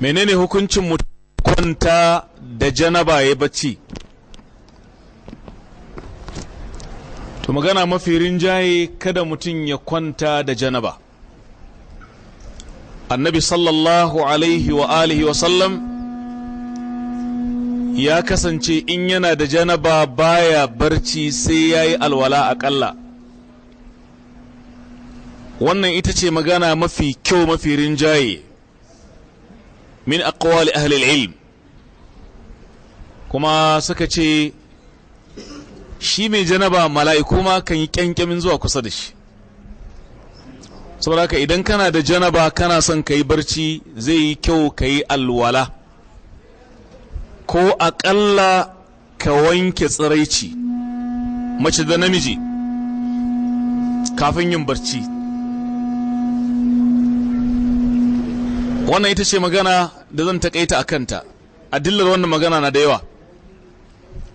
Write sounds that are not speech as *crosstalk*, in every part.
menene hukuncin mutum kwanta da janaba ya bacci to magana mafi rinjaye kada mutum ya kwanta da janaba annabi sallallahu alaihi wa alihi wa sallam ya kasance in yana da janaba baya barci sai ya yi alwala aƙalla wannan ita ce magana mafi kyau mafi rinjaye min aqwali ahli ilm kuma suka ce shi mai janaba mala'iku ma kan yi kyankyamin zuwa kusa da shi saboda haka idan kana da janaba kana son ka yi barci zai yi kyau ka yi alwala ko aƙalla ka wanke tsiraici mace da namiji kafin yin barci wannan ita ce magana da zan takaita a kanta a dillar wannan magana na da yawa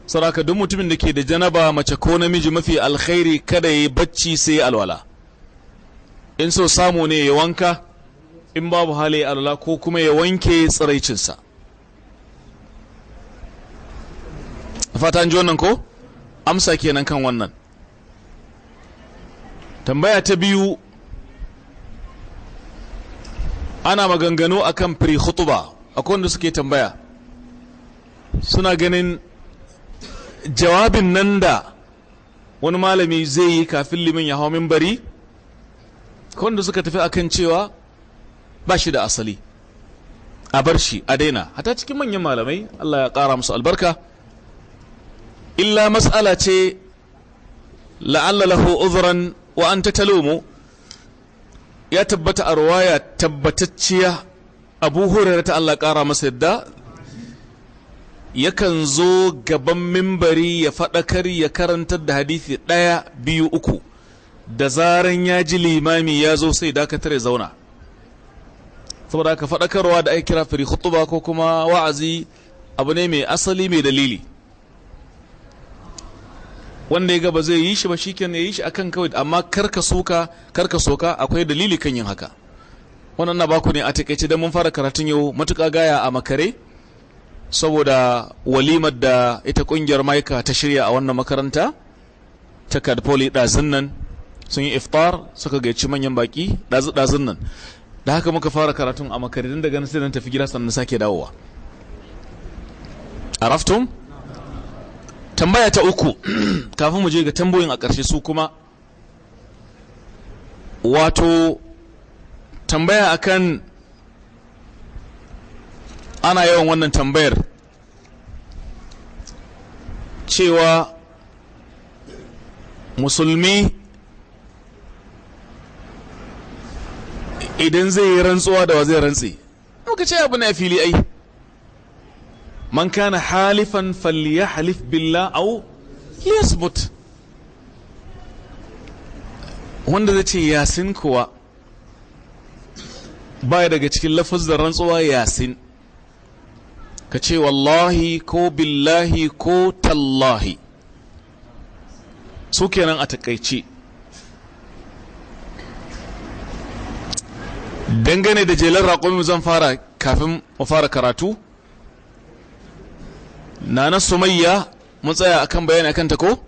saraka duk mutumin da ke da janaba mace ko namiji mafi alkhairi kada ya yi bacci sai ya alwala in so samu ne ya wanka in babu hali ya alwala ko kuma ya wanke tsiraicinsa fata an ji wannan ko amsa kenan kan wannan tambaya ta biyu ana maganganu a akan pre khutuba akwai wanda suke tambaya suna ganin jawabin nan da wani malami zai yi kafin limin ya hau minbari wanda suka tafi akan cewa ba shi da asali a bar shi a daina hata cikin manyan malamai Allah ya kara musu albarka illa mas'ala ce la'allalahu uzuran uzran wa an tatalumu ya tabbata a ruwaya tabbatacciya abu hurairar ta Allah ƙara masa yadda yakan zo gaban mimbari ya faɗakar ya karantar da hadithi ɗaya biyu uku da zaran ya ji limami ya zo sai dakatar ya zauna saboda ka faɗakarwa da ake kira firi ba ko kuma wa'azi abu ne mai asali mai dalili wanda ya ga ba zai yi shi ba shikenan ya yi shi akan kawai amma karka soka karka soka akwai dalili kan yin haka wannan na baku ne a takaice da mun fara karatun yau matuƙa gaya a makare saboda walimar da ita kungiyar maika ta shirya a wannan makaranta ta kadfoli ɗazin nan sun yi iftar suka gaici manyan baki ɗazu-ɗazun nan da haka muka fara karatun a makare don daga nan sai tafi gida sannan sake dawowa tambaya ta uku *clears throat* kafin mu je ga tambayoyin a ƙarshe su kuma wato tambaya akan ana yawan wannan tambayar cewa musulmi idan zai yi rantsuwa da wa zai rantsi muka ce abu na fili ai man kana halifan halif billah au yasbut wanda zai ce yasin kuwa baya daga cikin da rantsuwa yasin ka ce wallahi ko billahi ko tallahi su kenan a takaici dangane da jelar raƙomi zan fara kafin mu fara karatu na sumayya mun tsaya akan bayani akan ta ko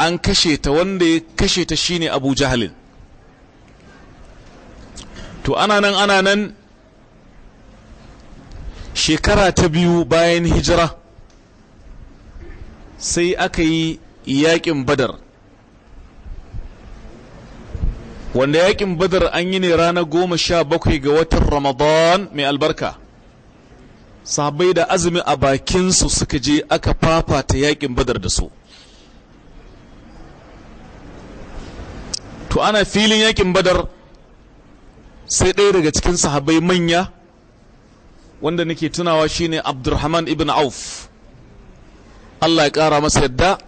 an kashe ta wanda ya kashe ta shine abu jahalin to ana nan ana nan shekara ta biyu bayan hijira sai aka yi yaƙin badar wanda yaƙin badar an yi ne ranar goma sha bakwai ga watan ramadan mai albarka sabai da azumi a bakinsu suka je aka fafata yakin badar da su to ana filin yakin badar sai ɗaya daga cikin sahabai manya wanda nake tunawa shine abdurrahman ibn auf allah ya ƙara masa yadda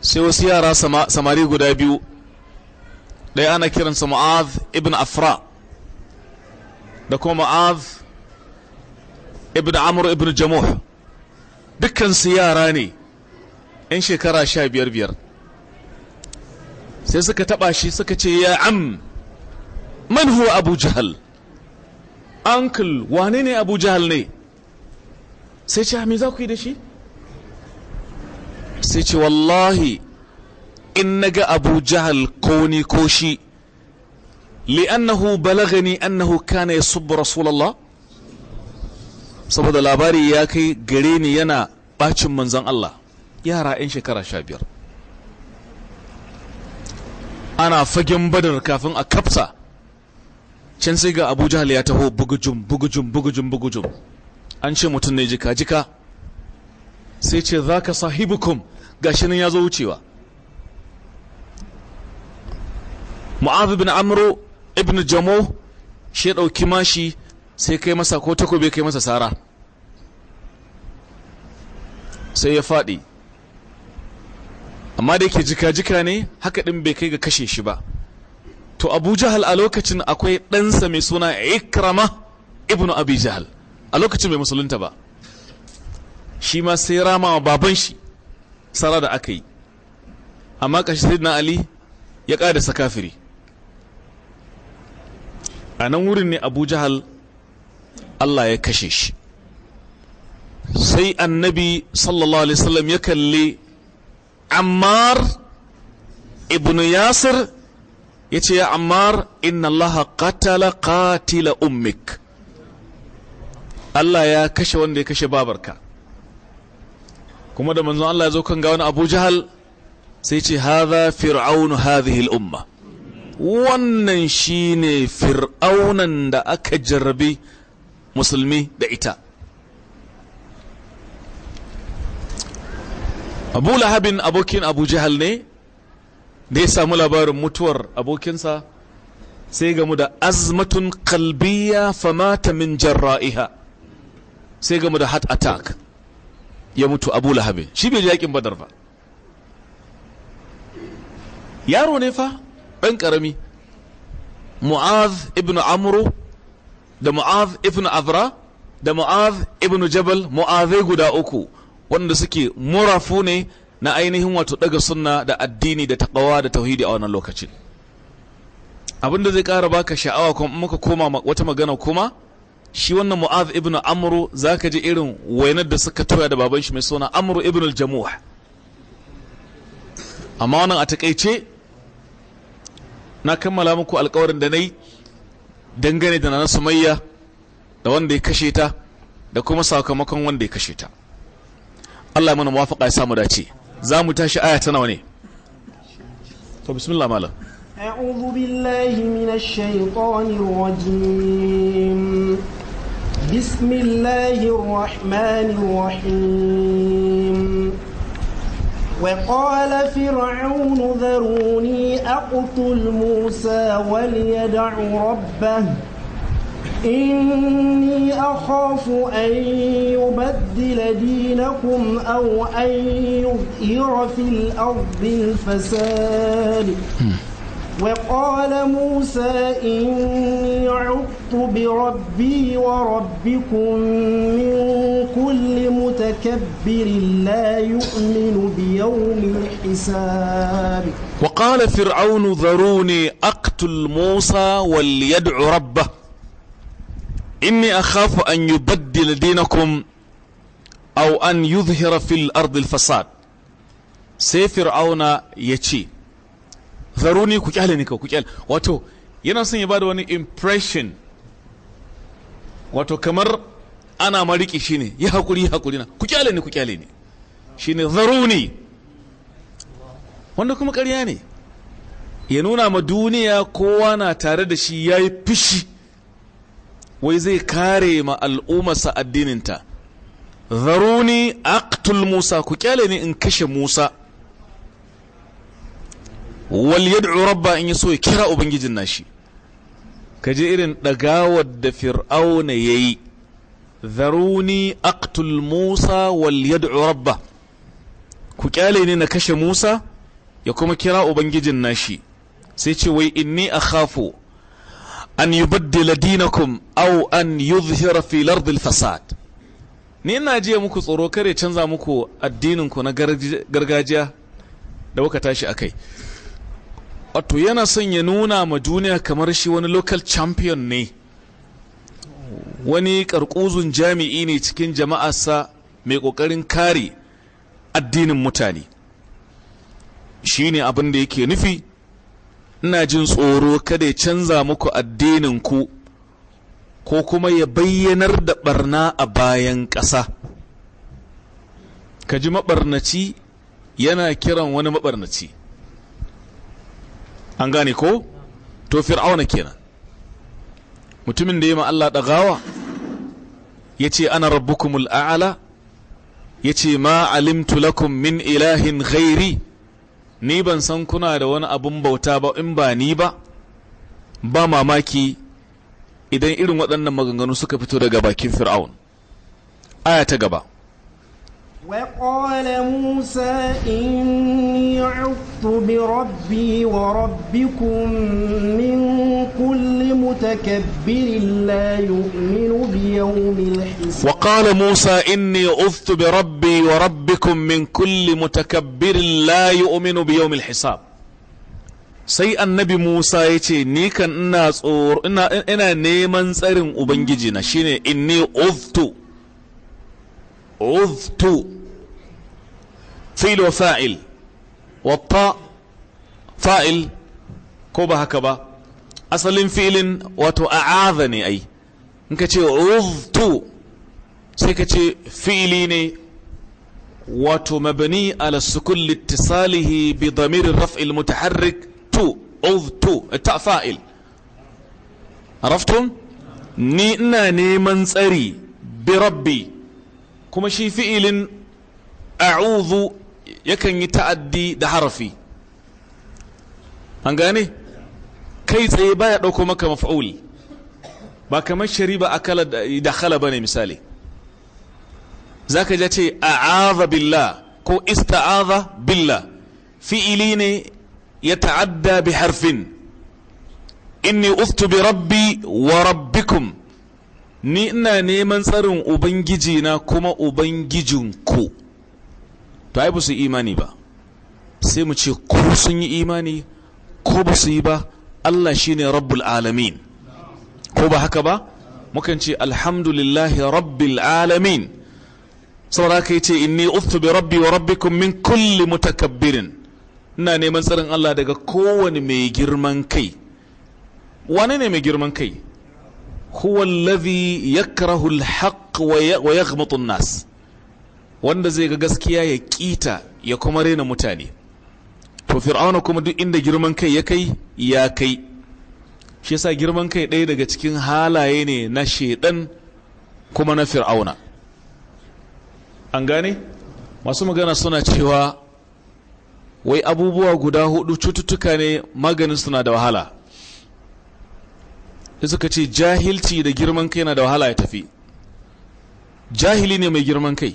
sai wasu yara samari guda biyu ɗaya ana kiransa Mu'ad ibn afra da kuma Mu'ad. ibn amur ibn jamuh dukkansu yara ne 'yan shekara sha biyar biyar sai suka taba shi suka ce ya am man huwa abu jahal uncle wane ne abu jahal ne sai ce ah, me za ku yi da shi sai ce wallahi in ga abu jahal ko ni ko shi li'annahu balagani annahu kana yasubbu rasulullah saboda labari ya kai gare ni yana bacin manzan Allah yara 'yan shekara sha biyar ana fagen badar kafin a kafsa can sai ga abu ya taho bugujum bugujum bugujum bugujum an ce mutum ne jika jika sai ce za ka sahibukum gashi nan ya zo wucewa mu'adh bin amro ibn jamo shi ɗauki mashi sai kai masa ko takobi kai masa sara sai ya faɗi amma da yake jika-jika ne haka ɗin bai kai ga kashe shi ba to abu jahal a lokacin akwai ɗansa mai suna ikrama Ibn abi jahal a lokacin bai musulunta ba shi ma sai rama wa baban shi sara da aka yi amma kashi sai na ali ya ƙada kafiri a nan wurin ne abu jahal Allah ya kashe shi sai annabi sallallahu alaihi wasallam ya kalli ammar ibn yasir ya ce ya ammar inna allaha qatala qatila ummik Allah ya kashe wanda ya kashe babarka kuma da manzon Allah ya zo kan ga wani Abu Jahal sai ce hadha fir'aunu hadhihi al-umma wannan shine fir'aunan da aka jarrabi musulmi da ita abu lahabin abokin abu jihal ne da ya samu labarin mutuwar abokinsa sai gamu da azmatun kalbiya famata min jarra'iha sai gamu da heart attack ya mutu abu lahabin shi bai yakin badar ba yaro ne fa ɗan ƙarami mu'az ibn amru da mu'az ibn azra da mu'az ibn jabal mu'azai guda uku wanda suke murafu ne na ainihin wato daga sunna da addini da taqwa da tauhidi a wannan lokacin abinda zai kara baka sha'awa kuma muka koma wata magana kuma shi wannan mu'az ibn amru zaka ji irin wainar da suka toya da baban shi mai suna amru ibn al-jamuh amma wannan a takeice na kammala muku alƙawarin da nayi dangane da na sumayya da wanda ya kashe ta da kuma sakamakon wanda ya kashe ta Allah mana muwafaqa ya samu dace za mu tashi aya ta nawa ne to bismillah malam a'udhu billahi من الشيطان rajim بسم الله rahim وقال فرعون ذروني أقتل موسى وليدع ربه إني أخاف أن يبدل دينكم أو أن يظهر في الأرض الفساد وقال موسى إني عدت بربي وربكم من كل متكبر لا يؤمن بيوم الحساب وقال فرعون ذروني أقتل موسى وليدع ربه إني أخاف أن يبدل دينكم أو أن يظهر في الأرض الفساد سي فرعون يتشي zaruni ku kyale ni ka ku kyale wato yana son ya bada wani impression wato kamar ana mariki ne ya hakuri ya hakuri na ku kyale ni ku kyale ni shi ne zaruni wanda kuma ƙarya ne ya nuna ma duniya kowa na tare da shi ya yi fishi wai zai kare ma al'ummarsa addininta zaruni aqtul musa ku kyale ni in kashe musa wal yad'u rabba in yaso ya kira ubangijin nashi kaje irin ɗagawar da fir'auna yayi zaruni aqtul musa wal yad'u rabba ku kyale ne na kashe musa ya kuma kira ubangijin nashi sai ce wai inni akhafu an yubaddila dinakum au an yuzhira fi al fasad ni ina ya muku tsoro kare canza muku addinin ku na gargajiya da kuka tashi akai wato yana son ya nuna ma duniya kamar shi wani local champion ne wani ƙarƙuzun jami'i ne cikin jama'arsa mai ƙoƙarin kare addinin mutane shi ne abin da yake nufi ina jin tsoro kada ya canza muku addininku, ko kuma ya bayyanar da ɓarna a bayan ƙasa ka ji maɓarnaci yana kiran wani maɓarnaci an gane ko to fir'auna kenan mutumin da ya ma Allah ɗagawa ya ce ana rabbukumul a'ala ya ce ma alimtu lakum min ilahin ghairi ni ban san kuna da wani abun bauta ba in ba ni ba ba mamaki idan irin waɗannan maganganu suka fito daga bakin fir'aun aya ta gaba وقال موسى إني عذت بربي وربكم من كل متكبر لا يؤمن بيوم الحساب وقال موسى إني عذت بربي وربكم من كل متكبر لا يؤمن بيوم الحساب سي النبي موسى يتي نيكا ni kan انا انا نيمان neman tsarin شيني اني عذت عذت فيل وفاعل والطاء فاعل كوبا هكذا أصل فيل وتأعاذني أي إنك عذت سيكتي فيليني wato mabani ala sukun littisalihi bi damirin raf'il mutaharrik tu udtu ta fa'il araftum ni ina neman tsari bi rabbi kuma shi fi'ilin a'udhu yakan yi ta'addi da harafi an gane kai tsaye baya dauko maka maf'ul ba kamar shariba akala da khala bane misali zaka ja ce a'adha billah ko ista'adha billah fi'ili ne ya ta'adda bi harfin inni uftu bi rabbi wa rabbikum ni ina neman tsarin ubangiji na kuma ubangijinku to ai ba su imani ba sai mu ce ko sun yi imani ko ba su yi ba Allah shine rabbul alamin ko ba haka ba mukan ce alhamdulillahi rabbil alamin saboda haka ce inni uthu bi rabbi wa rabbikum min kulli mutakabbirin ina neman tsarin Allah daga kowane mai girman kai wane ne mai girman kai huwa alladhi yakrahu alhaq wa yaghmutu nas wanda zai ga gaskiya ya kita ya kuma rena mutane to fir'auna kuma duk inda girman kai ya kai ya kai shi yasa girman kai ɗaya daga cikin halaye ne na shedan kuma na fir'auna an gane masu magana suna cewa wai abubuwa guda hudu cututtuka ne maganin suna da wahala sai suka ce jahilci da girman kai yana da wahala ya tafi jahili ne mai girman kai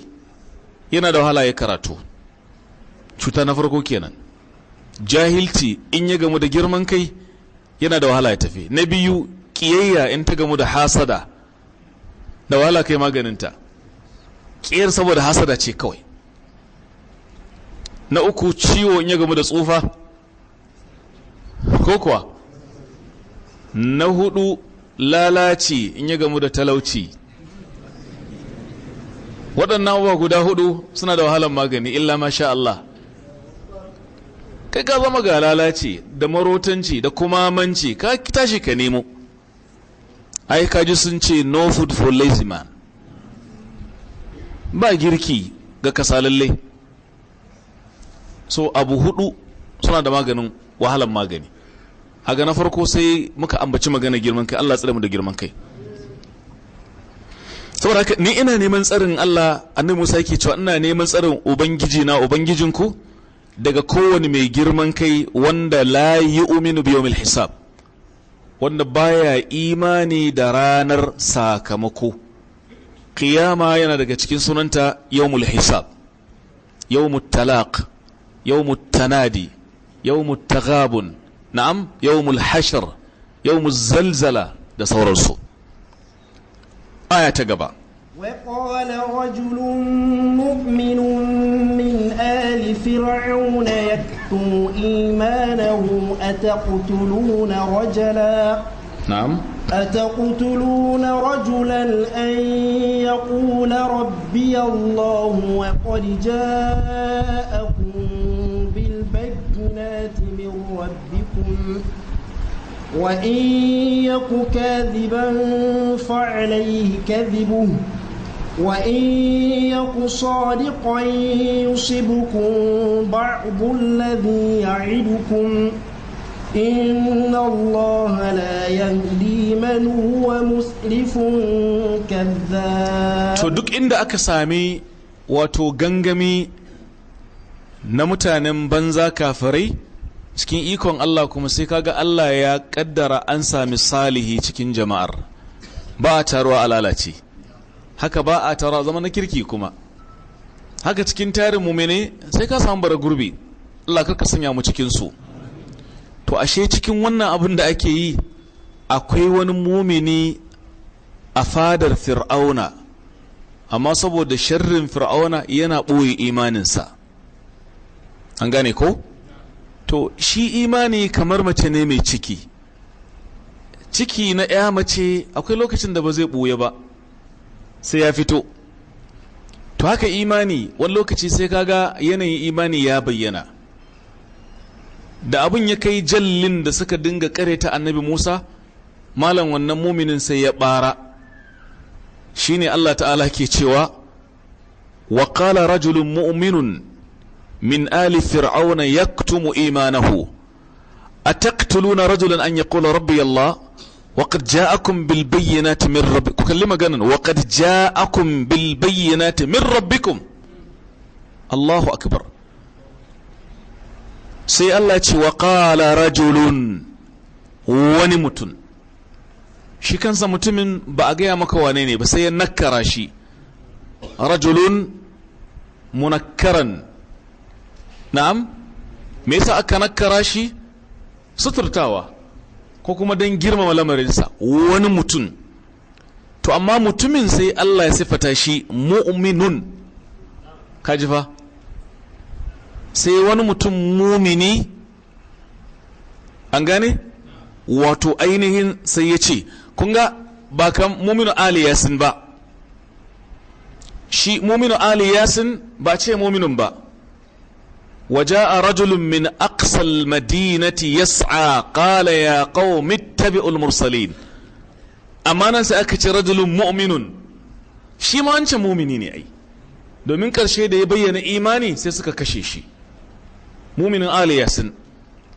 yana da wahala ya karatu cuta na farko kenan jahilci in ya gamu da girman kai yana da wahala ya tafi na biyu kiyayya in ta gamu da hasada da wahala kai maganinta kiyar saboda hasada ce kawai na uku ciwo in ya gamu da tsufa ko kuwa na hudu lalaci in ya gamu da talauci waɗannan abubuwa guda hudu suna da wahalar magani illa masha Allah kai ka zama ga lalaci da marotanci da kuma manci ka tashi ka nemo ai kaji sun ce no food for lazy man ba girki ga kasa lalle so abu hudu suna da maganin wahalar magani a ga na farko sai muka ambaci magana girman kai Allah tsare mu da girman kai saboda haka ni ina neman tsarin Allah annabi Musa yake cewa ina neman tsarin ubangiji na ubangijin ku daga kowane mai girman kai wanda la yu'minu bi yawmil hisab wanda baya imani da ranar sakamako qiyama yana daga cikin sunanta yawmul hisab yawmut talaq yawmut tanadi yawmut taghabun نعم يوم الحشر يوم الزلزلة ده صور الصوت آية تقبع وقال رجل مؤمن من آل فرعون يكتم إيمانه أتقتلون رجلا نعم أتقتلون رجلا أن يقول ربي الله وقد جاءكم بالبينات من ربي وإن يك كاذبا فعليه كذبه وإن يك صادقا يصبكم بعض الذي يعدكم إن الله لا يهدي من هو مسرف كذاب to duk inda aka sami wato gangami na mutanen banza kafirai cikin ikon Allah kuma sai kaga Allah ya kaddara an sami salihi cikin jama'ar ba a taruwa a lalace haka ba a taruwa zama na kirki kuma haka cikin tarin mumene sai ka samu bara gurbi Allah karka sanya mu cikin su to ashe cikin wannan abin da ake yi akwai wani mumini a fadar fir'auna amma saboda sharrin fir'auna yana ɓoye imaninsa an gane ko? to shi imani kamar mace ne mai ciki ciki na ya mace akwai lokacin da ba zai ɓoye ba sai ya fito to haka imani wani lokaci sai kaga yanayin imani ya bayyana da abin ya kai jallin da suka dinga ta annabi musa malam wannan muminin sai ya bara shine allah ta'ala ke cewa wa qala rajulun mu'minun من آل فرعون يكتم إيمانه أتقتلون رجلا أن يقول ربي الله وقد جاءكم بالبينات من ربكم كلمة قنن وقد جاءكم بالبينات من ربكم الله أكبر سي الله وقال رجل ونمت شي كان mutumin ba a gaya بس wane شي رجل منكرا na'am me yasa aka nakara shi suturtawa ko kuma don girmama lamarinsa wani mutum to amma mutumin sai Allah ya sifata shi mu'minun kaji fa sai wani mutum mumini an gane wato ainihin sai ya ce kun ga ba kan muminu ali yasin ba shi muminu ali yasin ba ce muminun ba وجاء رجل من أقصى المدينة يسعى قال يا قوم اتبعوا المرسلين أمانا سأكت رجل مؤمن شي ما أنت مؤمنين أي domin ƙarshe da ya bayyana imani sai suka kashe shi muminin ali yasin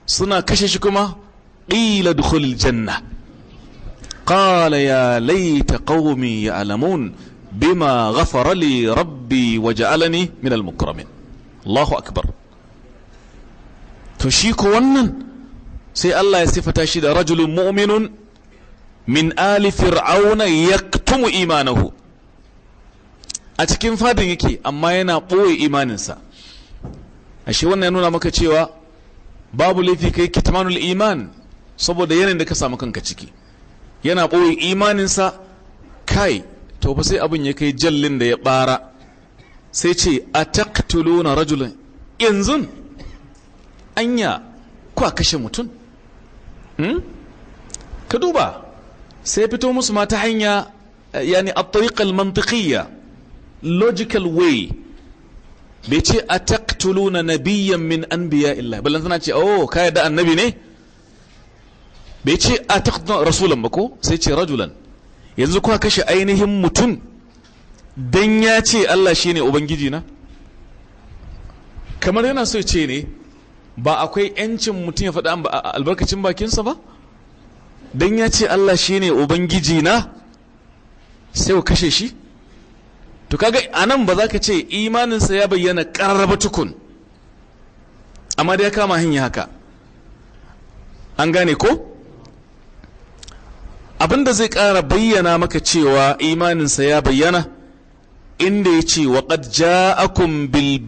suna kashe shi kuma ƙila dukhulil janna qala ya laita qaumi ya'lamun bima ghafara li rabbi wa ja'alani min al Allahu akbar to shi ko wannan sai Allah ya sifata shi da rajulun mu'minun min ali fir'auna yaktumu imanahu a cikin fadin yake amma yana ɓoye imaninsa ashe wannan ya nuna maka cewa babu laifi kai kitmanul iman saboda yanayin da ka samu kanka ciki yana ɓoye imaninsa kai to ba sai abin ya kai jallin da ya ɓara sai ce a taktuluna rajulun yanzu anya kwa kashe mutum hmm? ka duba sai fito musu ma ta hanya eh, yani at-tariqal mantiqiyya logical way bai ce a na biyan min an biya illa ballan suna ce oh ka yadda annabi ne bai ce a taqtuluna rasulan ba ko sai ce rajulan yanzu kuka kashe ainihin mutum dan ya ce Allah shi ne ubangiji na kamar yana so ce ne ba akwai yancin mutum ya faɗa albarkacin bakinsa ba don ya ce Allah shi ne ubangiji na sai ku kashe shi to kaga anan ba za ka ce imaninsa ya bayyana ƙararraba tukun amma da ya kama hanyar haka an gane ko abinda zai ƙara bayyana maka cewa imaninsa ya bayyana inda ya ce waƙad ja'akun bil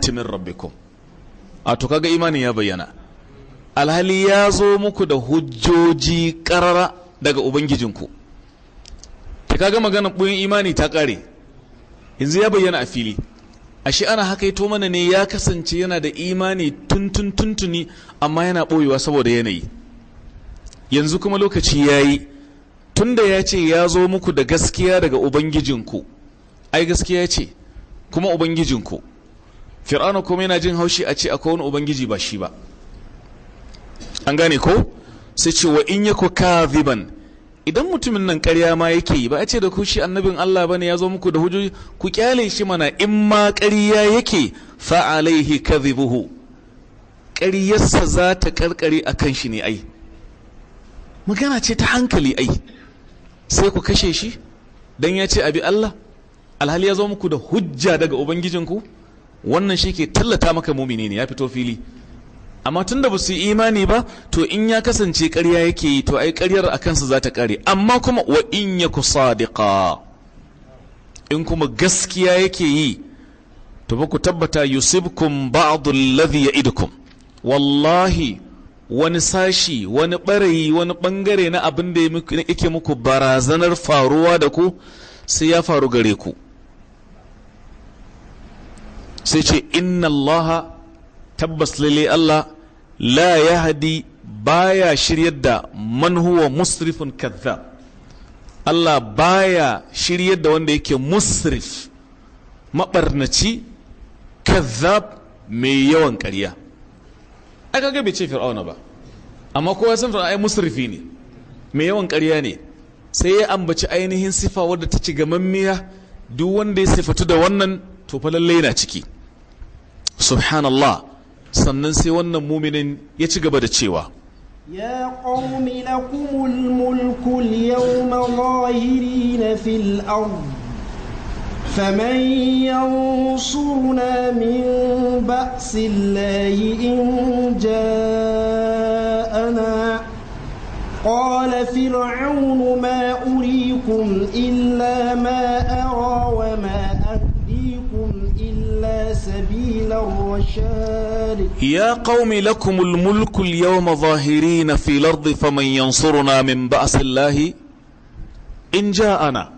timin rabbi ku a to kaga imanin ya bayyana alhali ya zo muku da hujjoji karara daga ubangijinku ta kaga magana ɓoyin imani ta ƙare yanzu ya bayyana a fili ashe ana hakaito mana ne ya kasance yana da imani tuntun tuntuni amma yana ɓoyewa saboda yanayi yanzu kuma lokaci ya yi tun da ya ce ya zo muku da gaskiya daga ubangijinku ai gaskiya ce kuma ubangijinku fir'auna kuma yana jin haushi a ce akwai wani ubangiji ba shi ba an gane ko sai ce wa in yaku kadhiban idan mutumin nan ƙarya ma yake yi ba a ce da ku shi annabin Allah bane ya zo muku da hujjoji ku kyale shi mana in ma ƙarya yake fa alaihi kadhibuhu ƙaryarsa za ta karkare akan shi ne ai magana ce ta hankali ai sai ku kashe shi dan ya ce abi Allah alhali ya zo muku da hujja daga ubangijinku wannan shi ke tallata maka mumini ne ya fito fili amma tun da ba su yi imani ba to in ya kasance ƙarya yake yi to ai ƙaryar a kansa za ta ƙare amma kuma wa in ya ku sadiqa in kuma gaskiya yake yi to ba ku tabbata yusibkum ba'dhu alladhi ya'idukum wallahi wani sashi wani ɓarayi wani ɓangare na abin da yake muku barazanar faruwa da ku sai ya faru gare ku sai ce inna allaha tabbas lalle Allah la ya ba baya shiryar da manhuwa huwa musrifun kadhab Allah baya shiryar da wanda yake musrif maɓarnaci kadhab mai yawan ƙarya aka ga bai ce fir'auna ba amma kowa san fir'auna ai musrifi ne mai yawan ƙarya ne sai ya ambaci ainihin sifa wadda ta ci gamammiya duk wanda ya sifatu da wannan to fa lalle yana ciki subhanallah sannan sai wannan muminin ya ci gaba da cewa ya ƙaumi na kumul mulkul yau mawahiri na fil فَمَنْ يَنْصُرُنَا مِنْ بَأْسِ اللَّهِ إِنْ جَاءَنَا قَالَ فِرْعَوْنُ مَا أُرِيكُمْ إِلَّا مَا أَرَى وَمَا سبيل الرشاد يا قوم لكم الملك اليوم ظاهرين في الأرض فمن ينصرنا من بأس الله إن جاءنا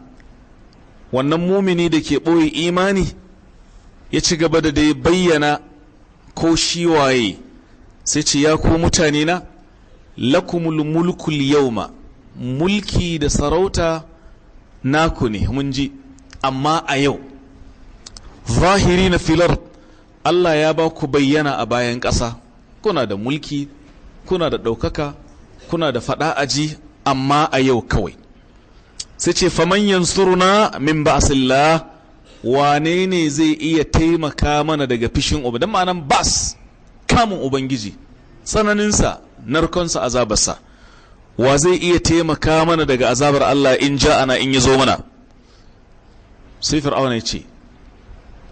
wannan mumini da ke ɓoye imani ya ci gaba da dai bayyana ko shi waye sai ce ya ku mutane na lakumul mulkul yauma mulki da sarauta naku ne mun ji amma a yau zahiri na filar Allah ya ba ku bayyana a bayan ƙasa kuna da mulki kuna da ɗaukaka kuna da faɗa ji amma a yau kawai sai ce faman yansuruna min ba'sillah wane ne zai iya taimaka mana daga fishin uba don ma'anan bas kamun ubangiji tsananinsa narkonsa azabarsa wa zai iya taimaka mana daga azabar Allah in ja ana in yi zo mana sai fir'auna ce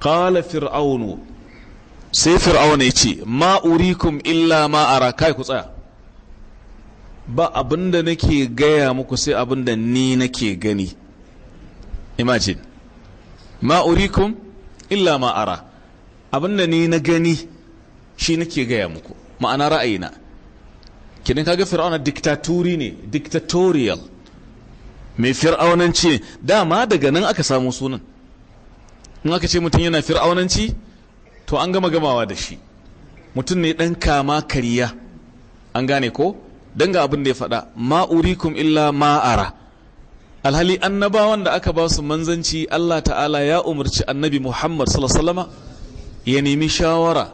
ƙala fir'aunu sai fir'auna ya ce ma urikum illa ma ara kai ku tsaya ba da nake gaya muku sai da ni nake gani imagine ma urikum illa ma ara da ni na gani shi nake gaya muku ma'ana ra'ayina kinin kaga fir'auna diktaturi ne dictatorial mai fir'aunanci dama daga nan aka samu sunan in aka ce mutum yana fir'aunanci to an gama gamawa da shi mutum ne ɗan kama kariya an gane ko don ga abin da ya faɗa ma'urikum illa ma'ara alhali annabawan da aka ba su manzanci Allah ta'ala ya umarci annabi Muhammad sallallahu ya nemi shawara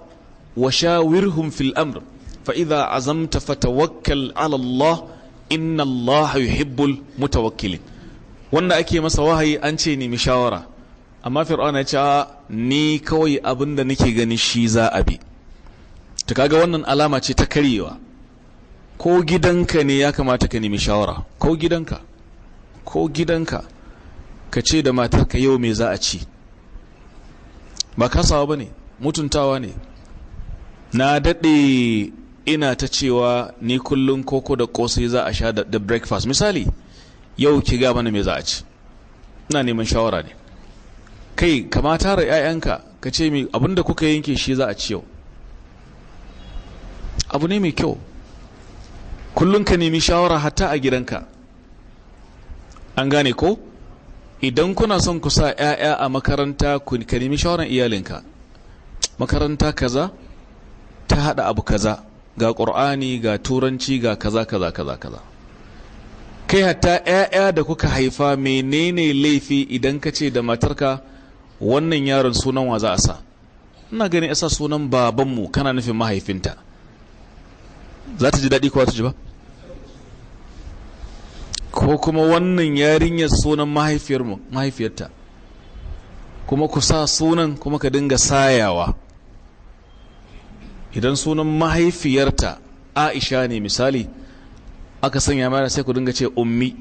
wa shawirhum fil amr fa idza azamta fatawakkal ala Allah inna Allah yuhibbul mutawakkilin wanda ake masa wahayi an ce nemi shawara amma fir'auna ya ce ni kawai abin da nake gani shi za a bi ta kaga wannan alama ce ta karyewa ko gidanka ne ya kamata ka nemi shawara ko gidanka ko gidanka ka ce da matarka yau me za a ci ba kasawa ba ne mutuntawa ne na daɗe ina ta cewa ni kullum koko da kosai za a sha da breakfast misali yau ki ga mana me za a ci ina neman shawara ne kai kama tara 'ya'yanka ka ce mai abinda kuka yanke shi za a ciyo abu ne mai kyau kullum ka nemi shawara hatta a gidanka an gane ko idan kuna son ku sa 'ya'ya a makaranta ka nemi shawarar iyalinka makaranta kaza ta hada abu kaza ga ƙur'ani ga turanci ga kaza kaza kaza kaza kai hatta 'ya'ya da kuka haifa menene laifi idan ka ce da matarka wannan yaron sunan wa za a sa ina ganin ya sa sunan babanmu kana nufin mahaifinta za ta ji daɗi kowa ta ji ba ko kuma wannan yarinyar sunan mahaifiyarta kuma ku sa sunan kuma ka dinga sayawa idan sunan mahaifiyarta aisha ne misali aka sanya mana sai ku dinga ce ummi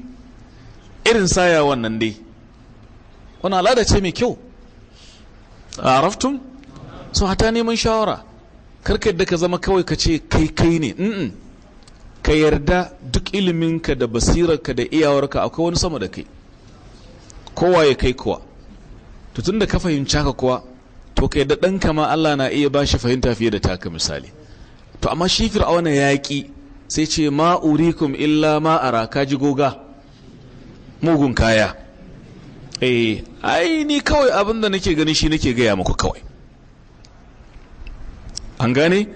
irin sayawan nan dai wani al'ada ce mai kyau a araftun so hata neman shawara karka yadda ka zama kawai ka ce kai kai ne ka yarda duk iliminka da basirarka da iyawarka akwai wani sama da kai kowa ya kai kuwa to da ka fahimci haka kuwa to ka yadda ɗanka ma Allah na iya ba shi fahimta fiye da taka misali to amma shi fir'auna ya yaƙi. sai ce Ma'urikum illa ma ka ji goga mugun kaya eh ai ni kawai abin da nake gani shi nake gaya muku kawai an gane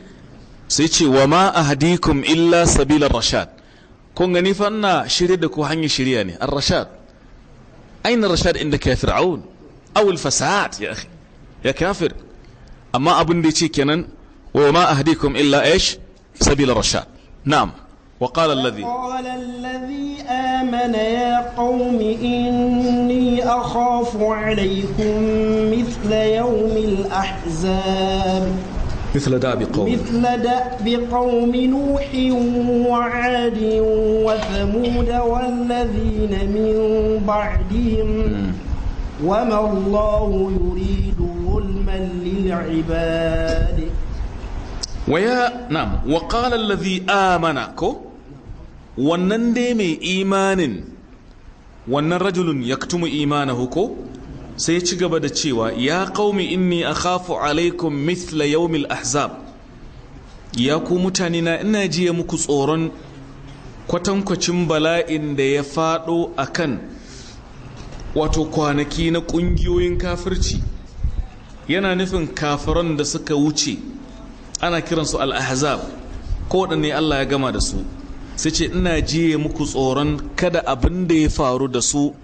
sai ce wa ma ahdikum illa sabila rashad kun gani fa ina shirye da ku hanyar shirya ne ar rashad aina rashad inda ka fir'aun aw al fasad ya akhi ya kafir amma abin da yace kenan wa ma ahdikum illa ish sabila rashad na'am وقال الذي وقال الذي آمن يا قوم إني أخاف عليكم مثل يوم الأحزاب مثل دأب قوم مثل دأب قوم نوح وعاد وثمود والذين من بعدهم وما الله يريد ظلما للعباد ويا نعم وقال الذي آمنكم wannan dai mai imanin wannan rajulun mu imana ko sai ya ci gaba da cewa ya kaumi inni a khafu alaikum mithla yaumin ahzab ya ku mutane na ina jiya muku tsoron kwatankwacin bala'in da ya fado akan wato kwanaki na ƙungiyoyin kafirci yana nufin kafiran da suka wuce ana kiransu al-ahzab ko waɗanne Allah ya gama da su sai ce ina jiye muku tsoron kada abin da ya faru da su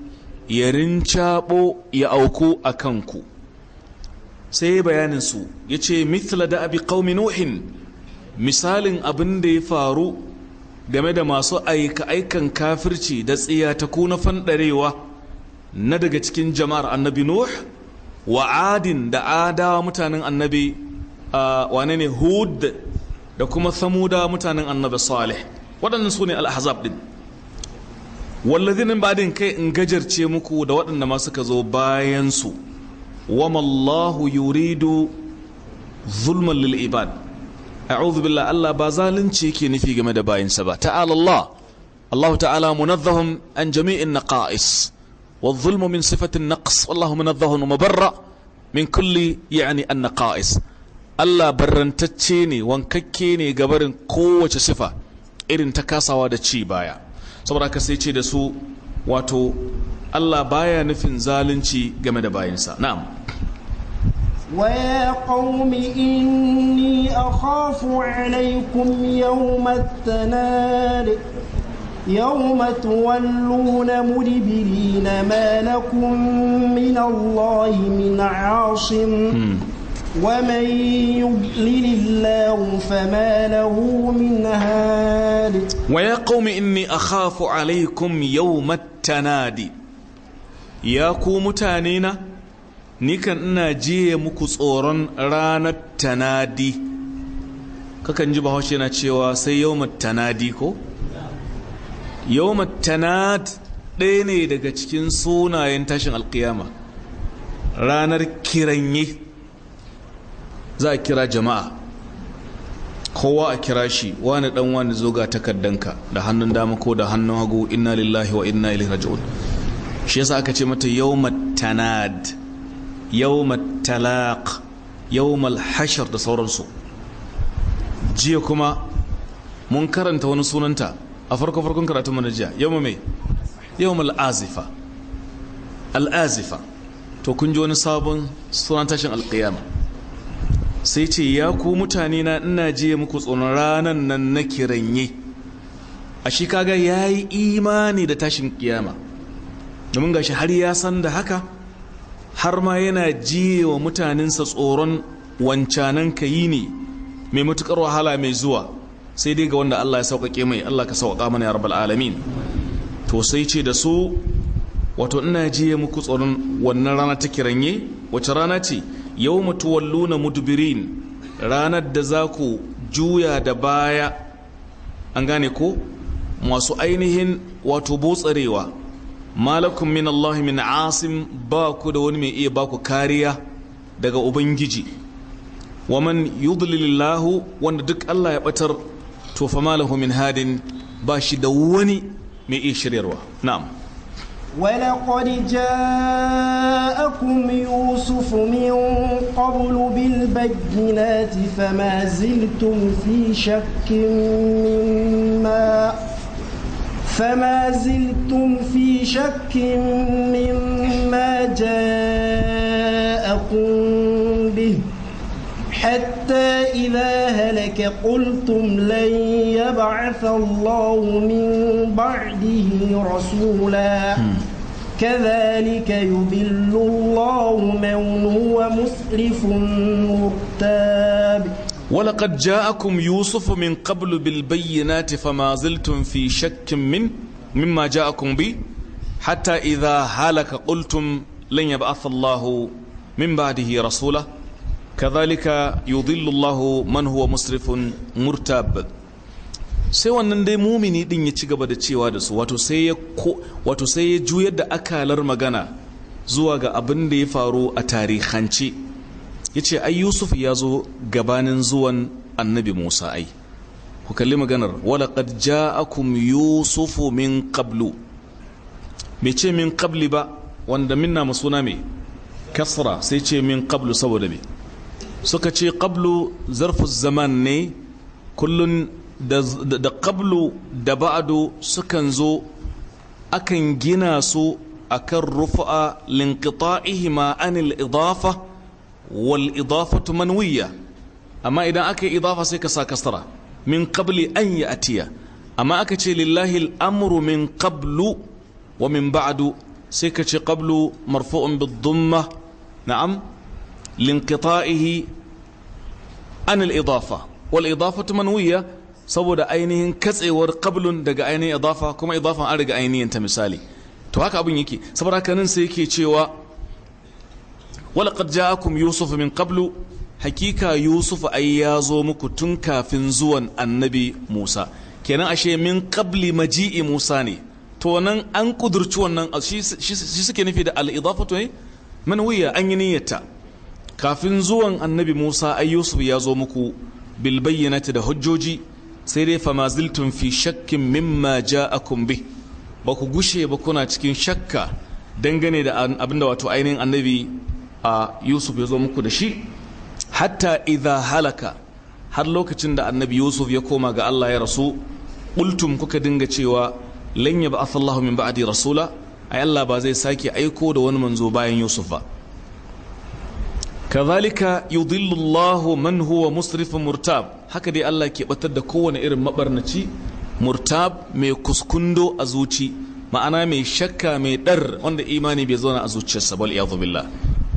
ya rincaɓo ya auku a kanku sai bayanin su ya ce mitla da abi qaumi nuhin misalin abin da ya faru game da masu aika aikan kafirci da tsiya ta kuna fanɗarewa na daga cikin jama'ar annabi nuh wa adin da adawa mutanen annabi a wane ne hud da kuma samuda mutanen annabi salih waɗannan su ne ɗin ahzab din wallazinin badin kai in gajarce muku da waɗanda ma suka zo bayan su wama yuridu zulman lil a a'udhu Allah ba zalunci yake nufi game da bayansa ba ta'ala Allah Allah ta'ala munazzahum an jami'in naqa'is sifatin من صفة النقص والله منظه ومبرأ من كل an النقائص Allah barrantacce ne wankakke ne gabarin kowace sifa irin ta kasawa da ci baya saboda ka sai ce da su wato Allah baya nufin zalunci game da bayansa na'am wa ya qaumi inni akhafu alaykum yawma at-tanar yawma tawalluna mudibirina ma lakum min Allah min 'ashim hmm. ومن يضلل الله فما له من هاد ويا قوم اني اخاف عليكم يوم التنادي يا قوم تانينا nikan ina jiye muku tsoron ranar tanadi kakan ji bahaushe na cewa sai yawmat tanadi ko yawmat tanad ɗaya ne daga cikin sunayen tashin alkiyama ranar kiranye za a kira jama'a kowa a kira shi wani dan wani zo ga takardanka da hannun dama ko da hannun hagu inna lillahi wa inna ilaihi raji'un shi yasa aka ce mata yawmat tanad yawmat talaq yawmal hashar da sauransu jiya kuma mun karanta wani sunanta a farko farkon karatun mana jiya yawma mai yawmal azifa al azifa to kun ji wani sabon sunan tashin alqiyama sai ce ya ku mutane na ina je muku tsoron ranan nan na kiranye a shi kaga ya yi imani da tashin kiyama domin ga shi har ya san da haka har ma yana jiye wa mutanensa tsoron wancanan ka yi ne mai matukar wahala mai zuwa sai dai ga wanda Allah ya sauƙaƙe mai Allah ka sauƙa mana ya rabbal alamin to sai ce da su wato ina jiye muku tsoron wannan rana ta kiranye wace rana ce yau tuwalluna mudbirin ranar da za ku juya da baya an gane ko masu ainihin wato botsarewa malakun min Allah min asim ba ku da wani mai iya ba ku kariya daga ubangiji waman yudlilillahu wanda duk Allah ya batar to fa malahu min hadin ba shi da wani mai iya shiryarwa na'am ولقد جاءكم يوسف من قبل بالبينات فما زلتم في شك مما فما زلتم في شك مما جاءكم حتى إذا هلك قلتم لن يبعث الله من بعده رسولا كذلك يضل الله من هو مسرف مرتاب ولقد جاءكم يوسف من قبل بالبينات فما زلتم في شك من مما جاءكم به حتى إذا هلك قلتم لن يبعث الله من بعده رسوله kazalika yudhillu Allah man huwa musrifun murtab sai wannan dai mumini din ya ci gaba da cewa da su wato sai ya wato juyar da akalar magana zuwa ga abin da ya faru a tarihance yace ai Yusuf ya zo gabanin zuwan annabi Musa ai ku kalli maganar walaqad ja'akum yusufu min qablu me ce min qabli ba wanda minna masuna me kasra sai ce min qablu saboda me suka ce qablu zarfu zaman ne kullun da qablu da ba'du sukan zo akan gina su akan rufa'a linqita'ihima anil idafa wal idafatu manwiya amma idan aka yi idafa sai ka sa kasra min qabli an ya'tiya amma aka ce lillahi al-amru min qablu wa min ba'du sai ka ce qablu marfu'un bid-dhamma na'am لانقطائه عن الإضافة والإضافة منوية saboda ainihin katsewar qablun daga ainihin idafa kuma idafan an riga ainihin ta misali to haka abin yake saboda haka nan sai yake cewa walaqad ja'akum yusuf min qablu hakika yusuf ai ya zo muku tun kafin zuwan annabi musa kenan ashe min qabli maji'i musa ne to nan an kudurci wannan shi suke nufi da al-idafatu man wiya an yi niyyata kafin zuwan annabi Musa ai Yusuf ya zo muku bil da hujjoji sai dai famaziltum fi shakkin mimma ja'akum bih ba ku gushe ba kuna cikin shakka dangane da abinda wato ainihin annabi a Yusuf ya zo muku da shi hatta idha halaka har lokacin da annabi Yusuf ya koma ga Allah ya rasu qultum kuka dinga cewa lan yab'athallahu min ba'di rasula ay Allah ba zai sake aiko da wani manzo bayan Yusuf ba kazalika yudhillullahu man huwa musrifun murtab haka dai Allah ke batar da kowane irin mabarnaci murtab mai kuskundo a zuci ma'ana mai shakka mai dar wanda imani bai zauna a zuciyarsa bal iyadu billah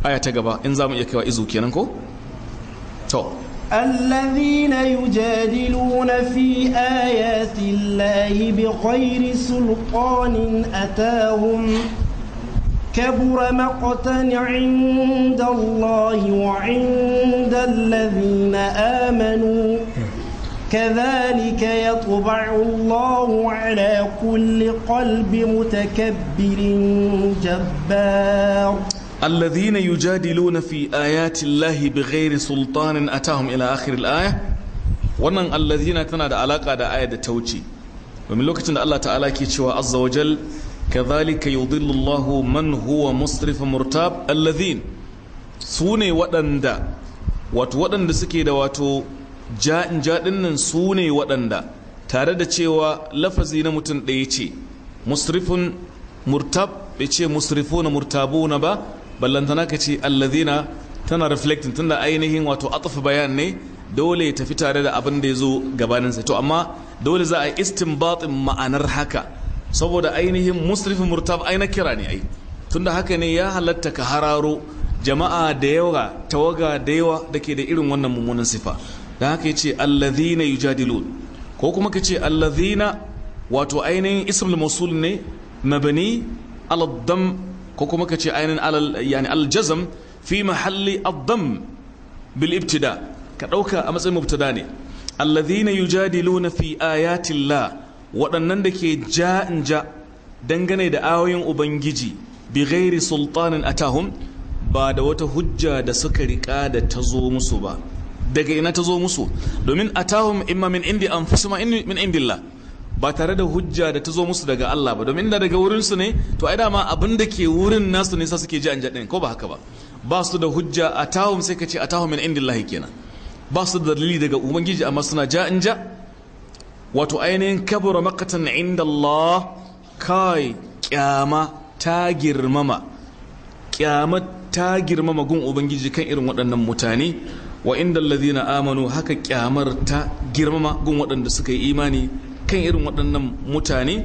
aya ta gaba in zamu iya kaiwa izu kenan ko to الذين يجادلون في آيات الله بغير سلطان أتاهم كبر مقتا عند الله وعند الذين آمنوا كذلك يطبع الله على كل قلب متكبر جبار الذين يجادلون في آيات الله بغير سلطان أتاهم إلى آخر الآية wannan allazina tana da alaka da aya da tauci domin lokacin da Allah ta'ala ke cewa azza wajal kazalika yudhillu man huwa musrif murtab alladhin sune waɗanda wato waɗanda suke da wato ja'in nan sune waɗanda tare da cewa lafazi na mutum ɗaya ce musrifun murtab bai ce musrifuna murtabuna ba ballantana ka ce alladhina tana reflecting tunda ainihin wato atfa bayan ne dole ya tafi tare da abin da ya zo gabaninsa to amma dole za a yi istinbatin ma'anar haka saboda ainihin musrifin murtab ai kira ne ai tunda haka ne ya halatta ka hararo jama'a da yawa tawaga da yawa da ke da irin wannan mummunan sifa da haka yace alladhina yujadilun ko kuma kace alladhina wato ainihin ismul mawsul ne mabani ala dam ko kuma kace ainihin alal yani al jazm fi mahalli ad dam bil ibtida ka dauka a matsayin mubtada ne alladhina yujadiluna fi ayati llah waɗannan da ke ja'in ja dangane da ayoyin ubangiji bi gairi sultanin atahun ba da wata hujja da suka riƙa da ta zo musu ba daga ina ta zo musu domin atahun imma min indi an fusuma min indillah ba tare da hujja da ta zo musu daga Allah ba domin da daga wurinsu ne to ai dama abin da ke wurin nasu ne sa suke ji an jaɗin ko ba haka ba ba su da hujja atahun sai ka ce a tahun min indillahi kenan ba su da dalili daga ubangiji amma suna ja in ja wato ainihin kabura makatan inda Allah kai kyama ta girmama kyama ta girmama gun ubangiji kan irin waɗannan mutane wa inda alladhina amanu haka kyamar ta girmama gun waɗanda suka yi imani kan irin waɗannan mutane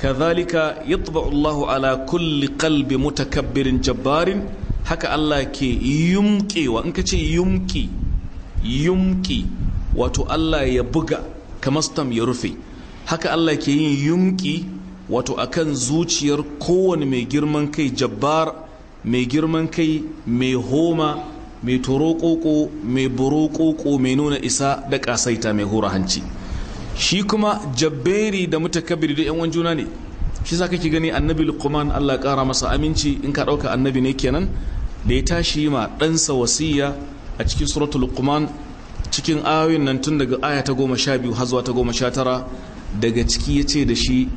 kazalika yatba'u Allahu ala kulli qalbi mutakabbirin jabbarin haka Allah ke yumkewa in ka ce yumki yumki wato Allah ya buga kamastam ya rufe haka Allah ke yin yumki wato akan zuciyar kowane mai girman kai jabbar mai girman kai mai homa mai torokoko mai burokoko mai nuna isa da kasaita mai hura hanci shi kuma jabberi da mutakabiri da yan juna ne shi za kake gani annabi luqman Allah kara masa aminci in ka dauka annabi ne kenan da ya tashi ma ɗansa wasiya a cikin suratul luqman cikin ayoyin nan tun daga aya ta goma sha biyu har ta goma sha tara daga ciki ya ce da shi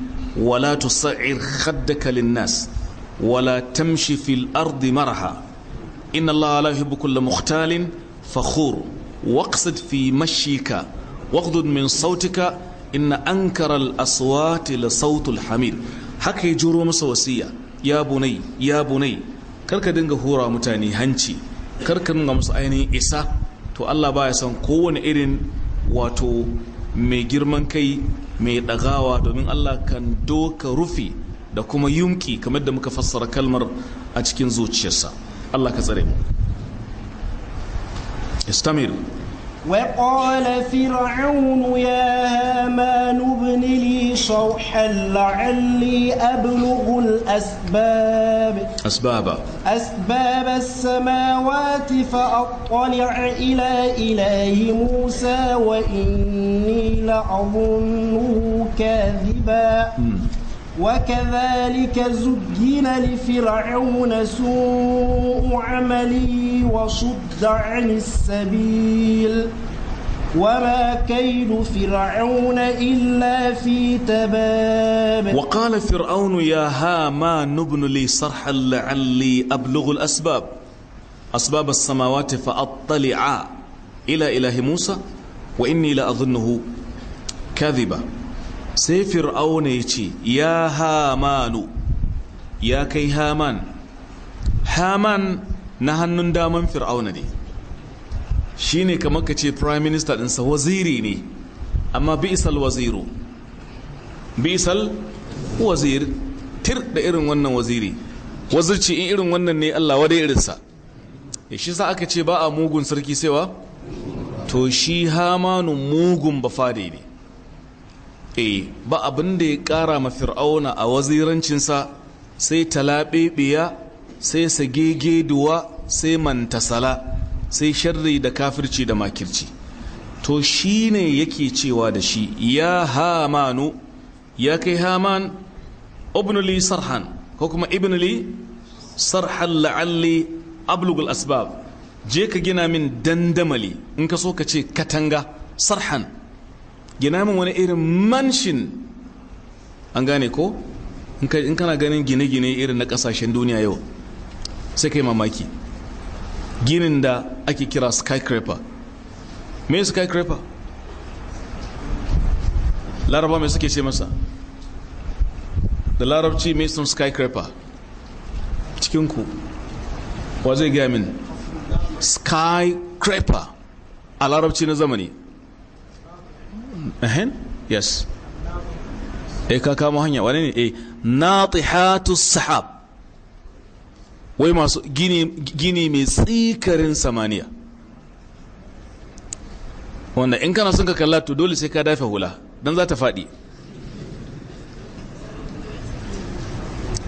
wala tusa'ir khaddaka linnas wala tamshi fil ardi maraha inna allaha la yuhibbu kulla mukhtalin fakhur waqsid fi mashika waqdud min sautika inna ankara al aswati la sautul hamir haka ya juro masa wasiya ya bunai ya bunai karka dinga hura mutane hanci karka dinga musu ainihin isa to Allah ba baya son kowane irin wato mai girman kai mai ɗagawa domin Allah kan doka rufi da kuma yunki kamar da muka fassara kalmar a cikin zuciyarsa Allah ka tsare mu istamiru وقال فرعون يا هامان ابن لي صرحا لعلي أبلغ الأسباب أسباب أسباب السماوات فأطلع إلى إله موسى وإني لأظنه كاذبا م. وكذلك زجن لفرعون سوء عملي وصد عن السبيل وما كيد فرعون إلا في تباب وقال فرعون يا هامان ابن لي صرحا لعلي أبلغ الأسباب أسباب السماوات فأطلع إلى إله موسى وإني لأظنه كاذبا sai fir'auna ya ce ya hamanu ya kai haman haman na hannun daman fir'auna ne shi ne kamar ka ce prime minister ɗinsa waziri ne amma isal waziru isal wazir tir da irin wannan waziri wazirci in irin wannan ne allah da irinsa ya e, shi sa aka ce ba a mugun sarki sewa to shi hamanu mugun ba ne eh ba abin da ya ƙara ma fir'auna a wazirancinsa sai talabebiya sai sagegeduwa sai mantasala sai sharri da kafirci da makirci to shi ne yake cewa da shi ya hamanu ya kai haman ibnuli sarhan ko kuma ibnuli sarhan la'alli ablugul asbab je ka gina min dandamali in ka so ka ce katanga sarhan gina min wani irin manshin an gane ko in kana ganin gine-gine irin na kasashen duniya yau sai kai mamaki ginin da ake kira skycraper me skycraper laraba mai suke ce masa da larabci mai sun skycraper cikinku wa zai gaya min skycraper a larabci na zamani ahin yes e ka kamo hanya wani ne e eh, natihatu sahab wai masu gini mai tsikarin samaniya wanda in kana son ka kalla to dole sai ka dafe hula don za ta faɗi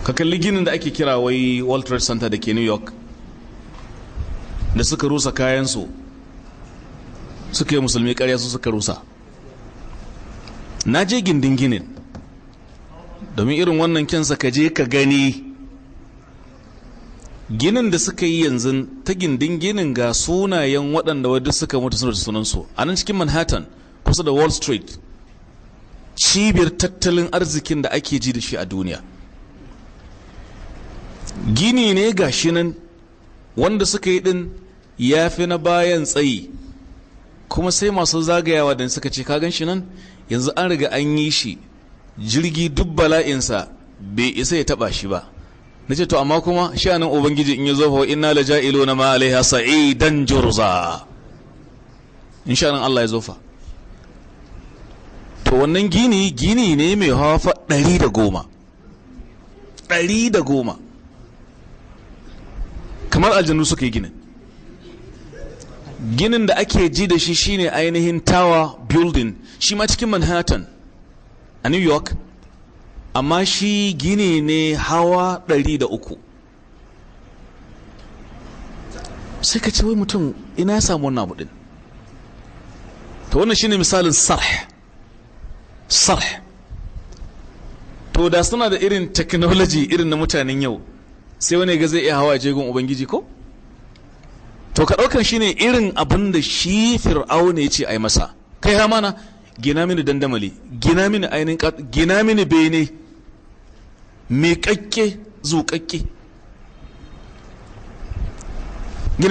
ka kalli ginin da ake kira wai world trade center da ke new york da suka rusa kayansu suka yi musulmi karya su suka rusa na je gindin ginin domin irin wannan kinsa ka je ka gani ginin da suka yi yanzu ta gindin ginin ga sunayen waɗanda wadda suka mutu suna da sunansu a nan cikin manhattan kusa da wall street cibiyar tattalin arzikin da ake ji da shi a duniya gini ne ga shi nan wanda suka yi din ya fi na bayan tsayi kuma sai masu zagayawa da suka ce ka shi nan yanzu an riga an yi shi jirgi duk bala'insa bai isa ya taba shi ba na ce to amma kuma sha'anin ubangiji in ya zo fa ina la ja'iluna na ma'alaiha sa'idan jurza in sha'anin Allah ya zo fa to wannan gini gini ne mai hafa ɗari da goma ɗari da goma kamar aljanu suka yi ginin ginin da ake ji da shi shine ainihin tower building shi ma cikin manhattan a new york amma shi gini ne hawa 300 sai ka ce wai mutum ina ya samu wannan abudin ta wannan shine misalin sarh sarh to da suna da irin technology irin na mutanen yau sai wani ga zai iya hawa jegun ubangiji ko? to ka ɗaukan shi irin abin da shi fir'auna ya ce a yi masa kai mana gina mini dandamali gina mini ainihin gina mini bene miƙaƙƙe zuƙaƙƙe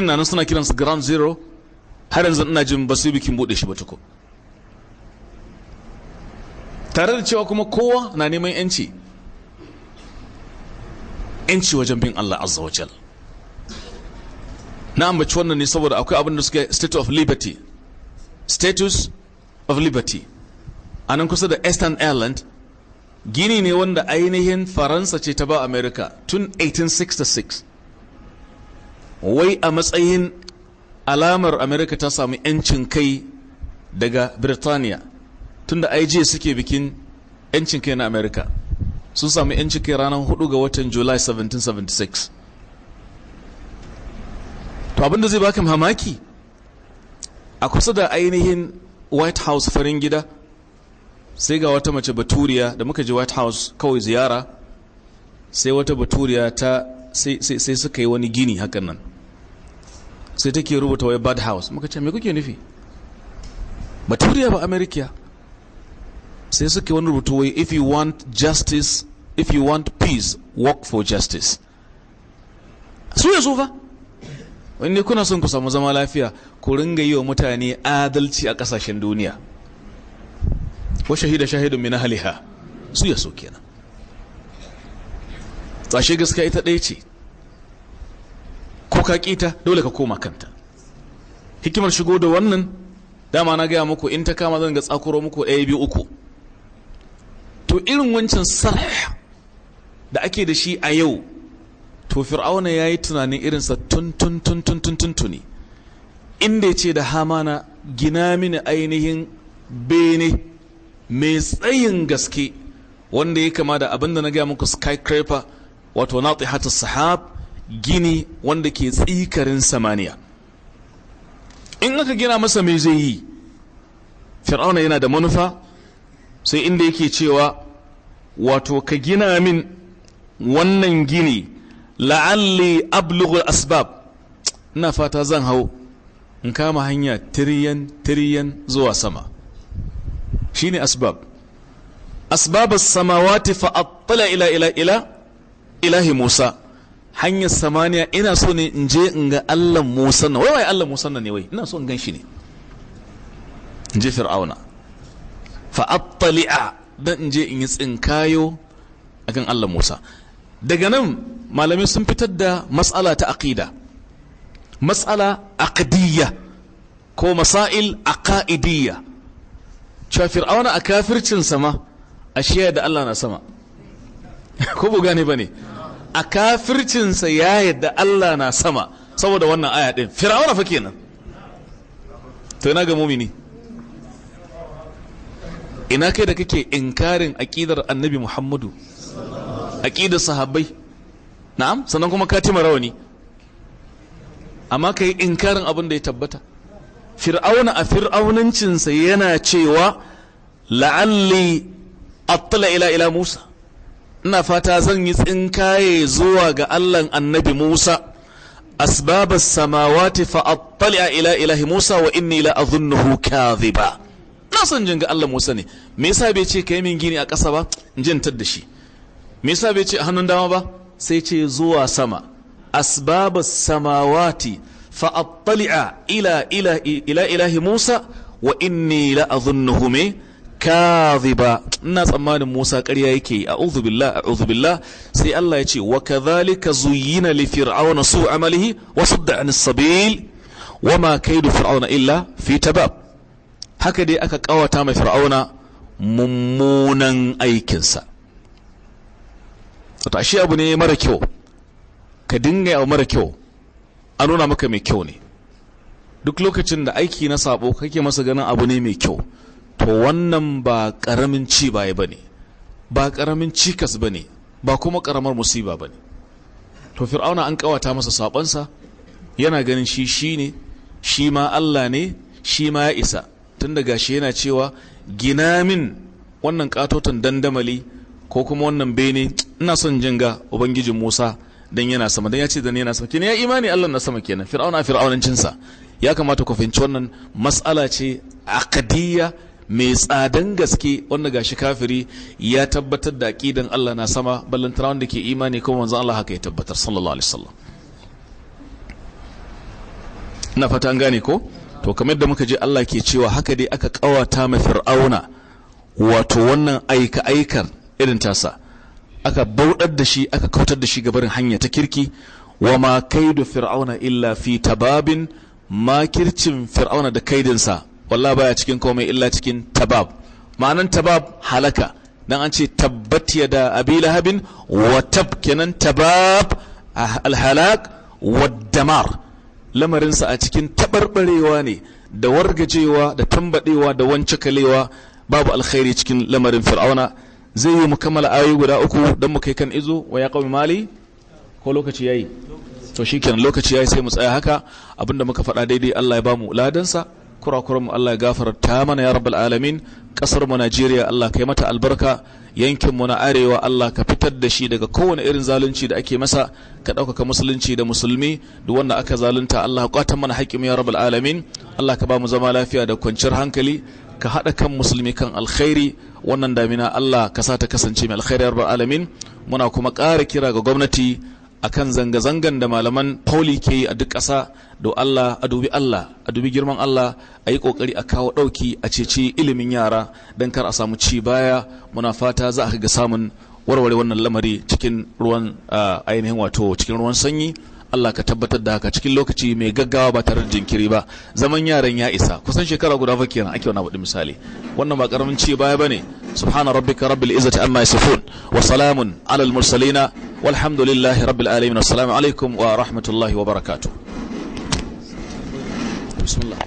na nan suna kiransu ground zero har yanzu ina jin ba su bikin buɗe shi ba tuko tare da cewa kuma kowa na neman yanci yanci wajen bin Allah azza wa na ambaci wannan ne saboda akwai abin da suke state of liberty status of liberty a nan kusa da eastern ireland gini ne wanda ainihin faransa ce ta ba america tun 1866 wai a matsayin alamar america ta samu 'yancin kai daga birtaniya tun da aiji suke bikin 'yancin kai na america sun samu 'yancin kai ranar 4 ga watan july 1776 to abin da zai baka mamaki a kusa da ainihin white house farin gida sai ga wata mace baturiya da muka ji white house kawai ziyara sai wata baturiya ta sai suka yi wani gini hakan nan sai take rubuta wai bad house muka ce me kuke nufi baturiya ba amerikiya sai suka yi wani rubutu wai if you want justice if you want peace work for justice su ya su wanda kuna son ku samu zama lafiya ku ringa yi wa mutane adalci a kasashen duniya wa shahida shahidun min ahliha su ya so kenan tsashe gaskiya ita ɗaya ce ko ka kita dole ka koma kanta hikimar shigo da wannan dama na gaya muku in ta kama zan ga tsakuro muku ɗaya biyu uku to irin wancan sarh da ake da shi a yau to fir'auna ya yi tunanin irinsa tun tun tun inda ya ce da hamana gina mini ainihin bene mai tsayin gaske wanda ya kama da abin da na gaya muku skycraper wato na hatu sahab gini wanda ke tsikarin samaniya in aka gina masa mai zai yi fir'auna yana da manufa sai inda yake cewa wato ka gina min wannan gini la'alli ablughul asbab ina fata zan hau in kama hanya tiriyan tiriyan zuwa sama shine asbab asbabas samawati fa attala ila ila ila ilahi Musa hanyar samaniya ina so ne in je in ga Allah Musa na wai wai Allah Musa na ne wai ina so in gan shi ne in je fir'auna fa attali'a dan in je in yi tsinkayo akan Allah Musa daga nan malamai sun fitar da matsala ta aqida matsala aqdiyya ko masail aqaidiyya cewa fir'auna a kafircin sama a shiya da Allah na sama *laughs* ko bu gane ne? a kafircinsa ya yadda Allah na sama saboda wannan aya ɗin fir'auna fa kenan to ina ga mumini ina kai da kake inkarin aqidar annabi Muhammadu aqidar sahabbai na'am sannan kuma katima rawani amma kai inkarin abin da ya tabbata fir'auna a fir'aunancinsa yana cewa la'alli attala ila ila musa ina fata zan yi tsinkaye zuwa ga allan annabi musa asbabas samawati fa attala ila ilahi musa wa inni la azunnuhu kadhiba na san jin ga allah musa ne me yasa bai ce kai min gini a ƙasa ba in jin da shi me yasa bai ce hannun dama ba sai ce zuwa sama asbaba samawati fa attali'a ila ila ila ilahi Musa wa inni la adhunnuhu me kadhiba ina tsammanin Musa ƙarya yake a'udhu billah a'udhu billah sai Allah ya ce wa kadhalika zuyyina li fir'auna su amalihi wa sadda anis sabil ma kaidu fir'auna illa fi tabab haka dai aka kawata mai fir'auna mummunan aikinsa wato ashe abu ne mara kyau ka dinga yawa mara kyau an nuna maka mai kyau ne duk lokacin da aiki na sabo kake masa ganin abu ne mai kyau to wannan ba karamin ci baye ba ne ba karamin cikas ba ne ba kuma ƙaramar musiba ba ne to fir'auna an ƙawata masa saɓonsa, yana ganin shi shi ne shi ma allah ne shi ma ya isa tun daga shi yana cewa gina min wannan katoton dandamali ko kuma wannan bene ina son jin ga ubangijin Musa dan yana sama dan ya ce dan yana sama kina ya imani Allah na sama kenan fir'auna fir'aunancin sa ya kamata ku fahimci wannan mas'ala ce aqdiyya mai tsadan gaske wanda gashi kafiri ya tabbatar da aqidan Allah na sama tara wanda ke imani kuma manzon Allah haka ya tabbatar sallallahu alaihi wasallam ina fata an gane ko to kamar da muka je Allah ke cewa haka dai aka kawata ma fir'auna wato wannan aika aikar irin tasa aka bauɗar da shi aka kautar da shi barin hanya ta kirki wa ma kaidu fir'auna illa fi tababin makircin fir'auna da kaidinsa wallah baya cikin komai illa cikin tabab ma'anan tabab halaka dan an ce tabbat da abi lahabin wa tab kenan tabab alhalak wa damar lamarinsa a cikin tabarbarewa ne da wargajewa da tambadewa da wancakalewa babu alkhairi cikin lamarin fir'auna zai yi mukammala ayoyi guda uku don mu kai kan izo wa ya kawai mali ko lokaci yayi to shikenan lokaci yi sai mu tsaya haka abinda muka faɗa daidai Allah ya bamu ladansa kurakuran mu Allah ya gafarta mana ya rabbal alamin kasar mu Najeriya Allah kai mata albarka yankin mu na arewa Allah ka fitar da shi daga kowane irin zalunci da ake masa ka ɗaukaka musulunci da musulmi duk wanda aka zalunta Allah kwatan mana haƙƙin ya rabbal alamin Allah ka ba mu zama lafiya da kwanciyar hankali ka haɗa kan musulmi kan alkhairi wannan damina Allah ka sa ta kasance mai alkhairi yarbar alamin muna kuma ƙara kira ga gwamnati akan zanga-zangan da malaman pauli ke yi a duk ƙasa da Allah a dubi Allah a dubi girman Allah a yi ƙoƙari a kawo ɗauki a ceci ilimin yara don kar a samu ci baya muna fata za a ga samun warware wannan lamari cikin ruwan ainihin wato cikin ruwan sanyi Allah ka tabbatar da haka cikin lokaci mai gaggawa ba tare da jinkiri ba zaman yaran ya isa kusan shekara guda fa kenan ake wani baɗi misali wannan ba karamin ci baya bane subhana rabbika rabbil izzati amma yasifun wa salamun alal mursalina walhamdulillahi rabbil alamin assalamu alaikum wa rahmatullahi wa barakatuh bismillah